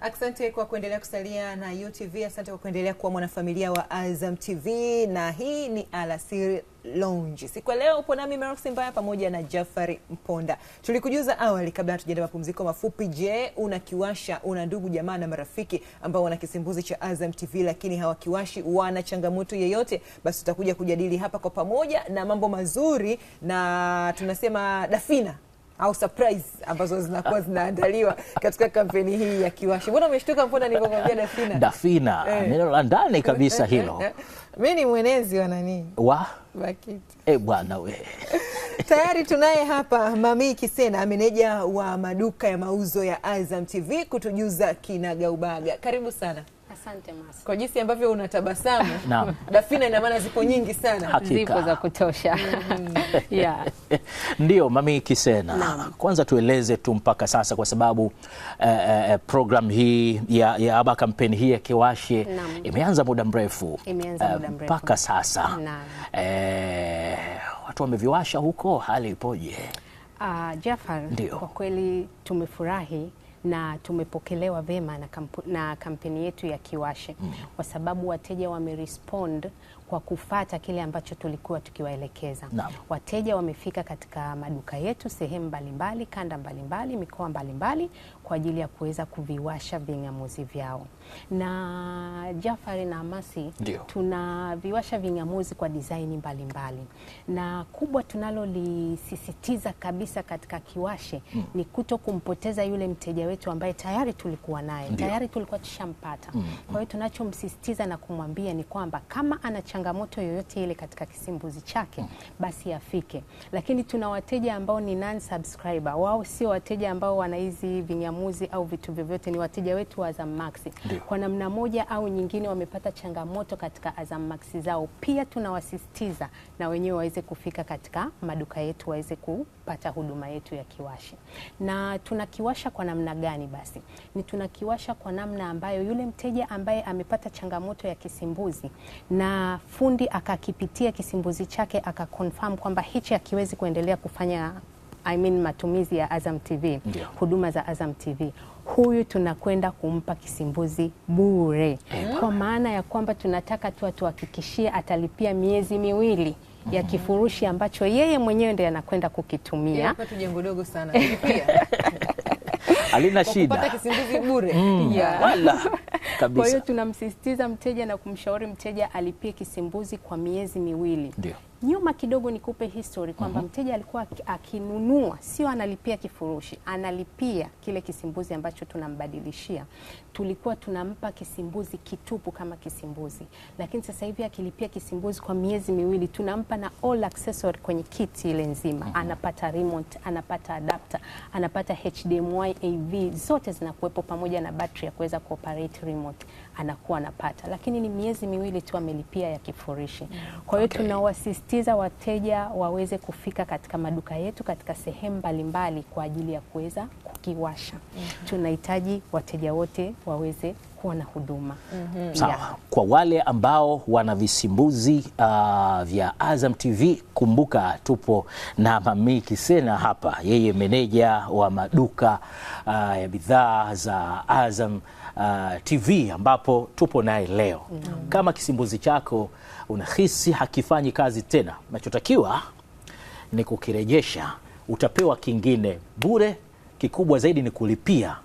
Asante kwa kuendelea kusalia na UTV. Asante kwa kuendelea kuwa mwanafamilia wa Azam TV, na hii ni Alasiri Lounge. Siku ya leo upo nami Merox Mbaya pamoja na Jafari Mponda. Tulikujuza awali kabla hatujaenda mapumziko mafupi. Je, unakiwasha? Una ndugu jamaa na marafiki ambao wana kisimbuzi cha Azam TV lakini hawakiwashi, wana changamoto yeyote? Basi tutakuja kujadili hapa kwa pamoja na mambo mazuri, na tunasema dafina au surprise ambazo zinakuwa zinaandaliwa katika kampeni hii ya Kiwashe. Mbona umeshtuka, mbona nilipomwambia Dafina? Dafina, eh. neno la ndani kabisa hilo. Mimi ni mwenezi wa nani? Wa Bakiti. Eh, bwana we. Tayari tunaye hapa Mami Kisena, meneja wa maduka ya mauzo ya Azam TV kutujuza kinagaubaga. Karibu sana. Asante Masi. Kwa jinsi ambavyo unatabasamu dafina, ina maana zipo nyingi sana, zipo za kutosha mm-hmm. yeah. Ndiyo Mami Kisena na. Kwanza tueleze tu mpaka sasa kwa sababu eh, eh, eh program hii ya, ya aba kampeni hii ya Kiwashe imeanza muda mrefu eh, mpaka eh, sasa eh, watu wameviwasha huko, hali ipoje? Uh, Jafar, kwa kweli tumefurahi na tumepokelewa vema na, na kampeni yetu ya Kiwashe mm. kwa sababu wateja wamerespond kwa kufata kile ambacho tulikuwa tukiwaelekeza. Wateja wamefika katika maduka yetu sehemu mbalimbali, kanda mbalimbali, mikoa mbalimbali, kwa ajili ya kuweza kuviwasha ving'amuzi vyao. Na Jafari na amasi tuna viwasha ving'amuzi kwa dizaini mbalimbali, na kubwa tunalolisisitiza kabisa katika kiwashe mm. ni kuto kumpoteza yule mteja wetu ambaye tayari tulikuwa naye, tayari tulikuwa tushampata mm. kwa hiyo tunachomsisitiza na kumwambia ni kwamba kama ana changamoto yoyote ile katika kisimbuzi chake mm. basi afike, lakini tuna wateja ambao ni non subscriber, wao sio wateja ambao wana hizi ving'amuzi maamuzi au vitu vyovyote, ni wateja wetu wa Azam Max. Kwa namna moja au nyingine wamepata changamoto katika Azam Max zao. Pia tunawasisitiza na wenyewe waweze kufika katika maduka yetu waweze kupata huduma yetu ya kiwashi. Na tunakiwasha kwa namna gani? Basi ni tunakiwasha kwa namna ambayo yule mteja ambaye amepata changamoto ya kisimbuzi na fundi akakipitia kisimbuzi chake akakonfirm kwamba hichi hakiwezi kuendelea kufanya I mean matumizi ya Azam TV Ndio. huduma za Azam TV huyu tunakwenda kumpa kisimbuzi bure yeah. Kwa maana ya kwamba tunataka tu atuhakikishie atalipia miezi miwili ya mm-hmm. kifurushi ambacho yeye mwenyewe ndiye anakwenda kukitumia jengo dogo sana alina shida kisimbuzi bure mm. yeah. wala kabisa. Kwa hiyo tunamsisitiza mteja na kumshauri mteja alipie kisimbuzi kwa miezi miwili Ndio. Nyuma kidogo nikupe history kwamba mm -hmm. mteja alikuwa akinunua, sio analipia kifurushi, analipia kile kisimbuzi ambacho tunambadilishia. Tulikuwa tunampa kisimbuzi kitupu kama kisimbuzi, lakini sasa hivi akilipia kisimbuzi kwa miezi miwili tunampa na all accessory kwenye kiti ile nzima mm -hmm. anapata remote, anapata adapter, anapata HDMI AV, zote zinakuwepo pamoja na battery ya kuweza kuoperate remote, anakuwa anapata, lakini ni miezi miwili tu amelipia ya kifurushi. Mm. Kwa hiyo okay. tunawasist tunasisitiza wateja waweze kufika katika maduka yetu katika sehemu mbalimbali kwa ajili ya kuweza kukiwasha. mm -hmm. Tunahitaji wateja wote waweze kuwa na huduma mm -hmm. Sawa. Kwa wale ambao wana visimbuzi uh, vya Azam TV, kumbuka tupo na Mami Kisena hapa, yeye meneja wa maduka uh, ya bidhaa za Azam uh, ah, TV ambapo tupo naye leo mm -hmm. Kama kisimbuzi chako unahisi hakifanyi kazi tena, unachotakiwa ni kukirejesha, utapewa kingine bure. Kikubwa zaidi ni kulipia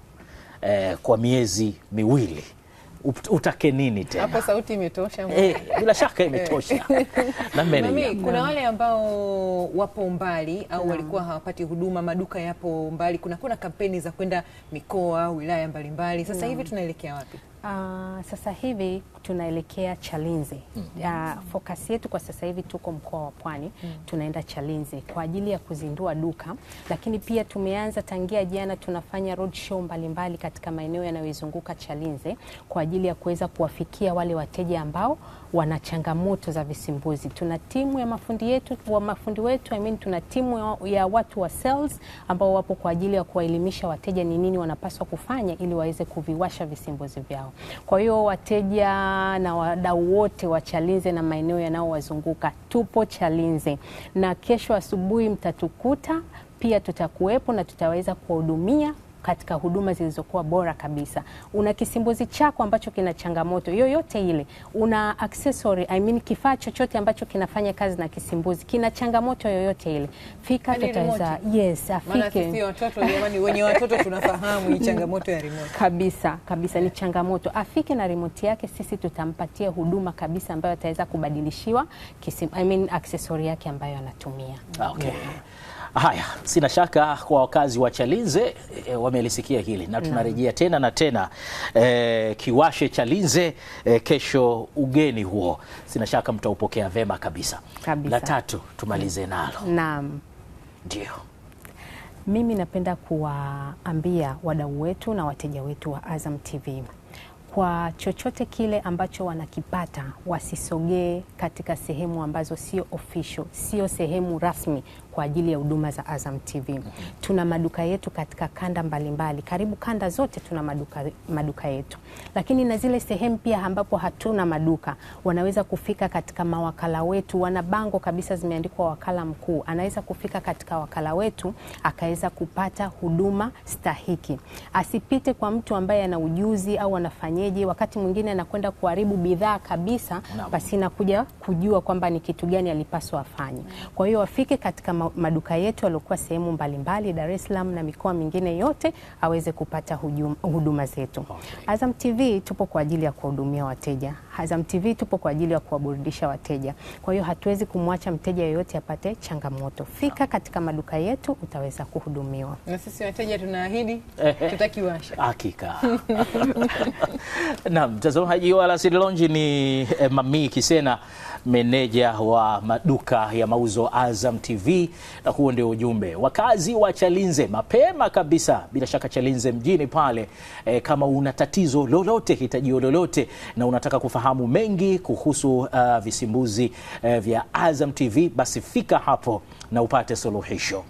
eh, kwa miezi miwili utake nini tena? Hapo sauti imetosha eh, bila e, shaka imetosha eh. na mimi kuna wale ambao wapo mbali au walikuwa hawapati huduma, maduka yapo mbali, kuna kuna kampeni za kwenda mikoa, wilaya mbalimbali. Sasa hivi tunaelekea wapi? Uh, sasa hivi tunaelekea Chalinze. mm -hmm. Uh, ah, fokasi yetu kwa sasa hivi tuko mkoa wa Pwani. mm -hmm. Tunaenda Chalinze kwa ajili ya kuzindua duka, lakini pia tumeanza tangia jana, tunafanya road show mbalimbali katika maeneo yanayoizunguka Chalinze kwa ajili ya kuweza kuwafikia wale wateja ambao wana changamoto za visimbuzi. Tuna timu ya mafundi yetu wa mafundi wetu I mean, tuna timu ya watu wa sales ambao wapo kwa ajili ya kuwaelimisha wateja ni nini wanapaswa kufanya ili waweze kuviwasha visimbuzi vyao yao. Kwa hiyo wateja na wadau wote wa Chalinze na maeneo yanayowazunguka tupo Chalinze, na kesho asubuhi mtatukuta pia tutakuwepo na tutaweza kuwahudumia katika huduma zilizokuwa bora kabisa. Una kisimbuzi chako ambacho kina changamoto yoyote ile, una accessory I mean kifaa chochote ambacho kinafanya kazi na kisimbuzi kina changamoto yoyote ile, fika tutaweza, yaani yes, afike. Maana watoto jamani, wenye watoto tunafahamu hii changamoto ya remote kabisa kabisa, ni changamoto. Afike na remote yake, sisi tutampatia huduma kabisa ambayo ataweza kubadilishiwa kisim, I mean accessory yake ambayo anatumia okay. yeah. Haya, sina shaka kwa wakazi wa Chalinze e, wamelisikia hili na tunarejea tena na tena e, kiwashe Chalinze e, kesho ugeni huo, sina shaka mtaupokea vema kabisa. Kabisa. La tatu tumalize nalo. Naam. Ndio. Mimi napenda kuwaambia wadau wetu na wateja wetu wa Azam TV kwa chochote kile ambacho wanakipata wasisogee katika sehemu ambazo sio official, sio sehemu rasmi kwa ajili ya huduma za Azam TV. Tuna maduka yetu katika kanda mbalimbali mbali. Karibu kanda zote tuna maduka, maduka yetu, lakini na zile sehemu pia ambapo hatuna maduka wanaweza kufika katika mawakala wetu, wana bango kabisa zimeandikwa wakala mkuu, anaweza kufika katika wakala wetu akaweza kupata huduma stahiki. Asipite kwa mtu ambaye ana ujuzi au anafanyeje, wakati mwingine anakwenda kuharibu bidhaa kabisa, basi kuja kujua kwamba ni kitu gani alipaswa afanye. Kwa hiyo wafike katika maduka yetu yaliokuwa sehemu mbalimbali Dar es Salaam na mikoa mingine yote aweze kupata huduma zetu. Okay. Azam TV tupo kwa ajili ya kuwahudumia wateja. Azam TV tupo kwa ajili ya kuwaburudisha wateja. Kwa hiyo hatuwezi kumwacha mteja yeyote apate changamoto. Fika katika maduka yetu utaweza kuhudumiwa. Na sisi wateja tunaahidi tutakiwasha. Hakika. Naam, mtazamaji wa Alasiri Lounge ni eh, Mami Kisena meneja wa maduka ya mauzo Azam TV, na huo ndio ujumbe wakazi wa Chalinze mapema kabisa, bila shaka Chalinze mjini pale. E, kama una tatizo lolote, hitajio lolote, na unataka kufahamu mengi kuhusu uh, visimbuzi uh, vya Azam TV, basi fika hapo na upate suluhisho.